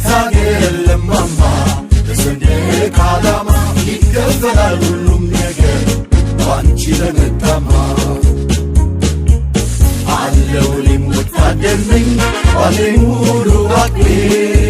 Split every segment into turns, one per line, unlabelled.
እናት ሀገር ለማማ አለው እኔም ወታደር ባሌ ሙሉ አቅሜ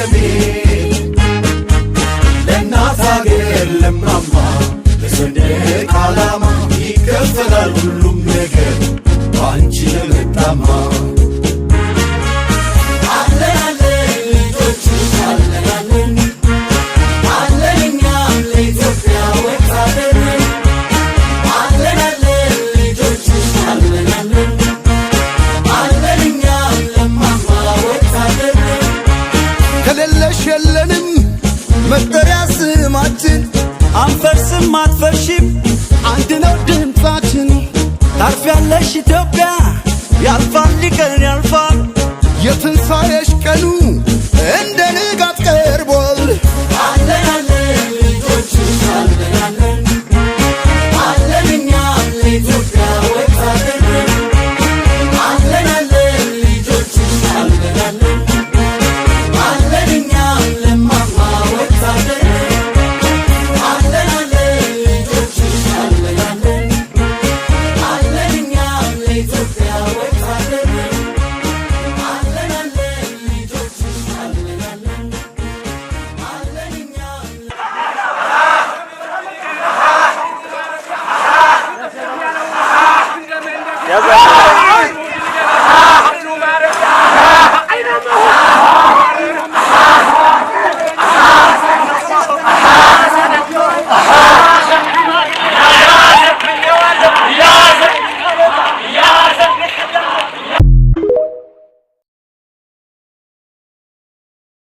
ደሜ ለእናት አገር ለማማ ለሰንደቅ ዓላማ ይከፈላል ሁሉም ነገር በአንቺ ለመጣማ
መጠሪያ ስማችን
አንፈርስም አትፈርሽም